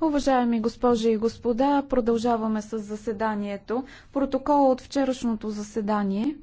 Уважаеми госпожи и господа, продължаваме с заседанието. Протокол от вчерашното заседание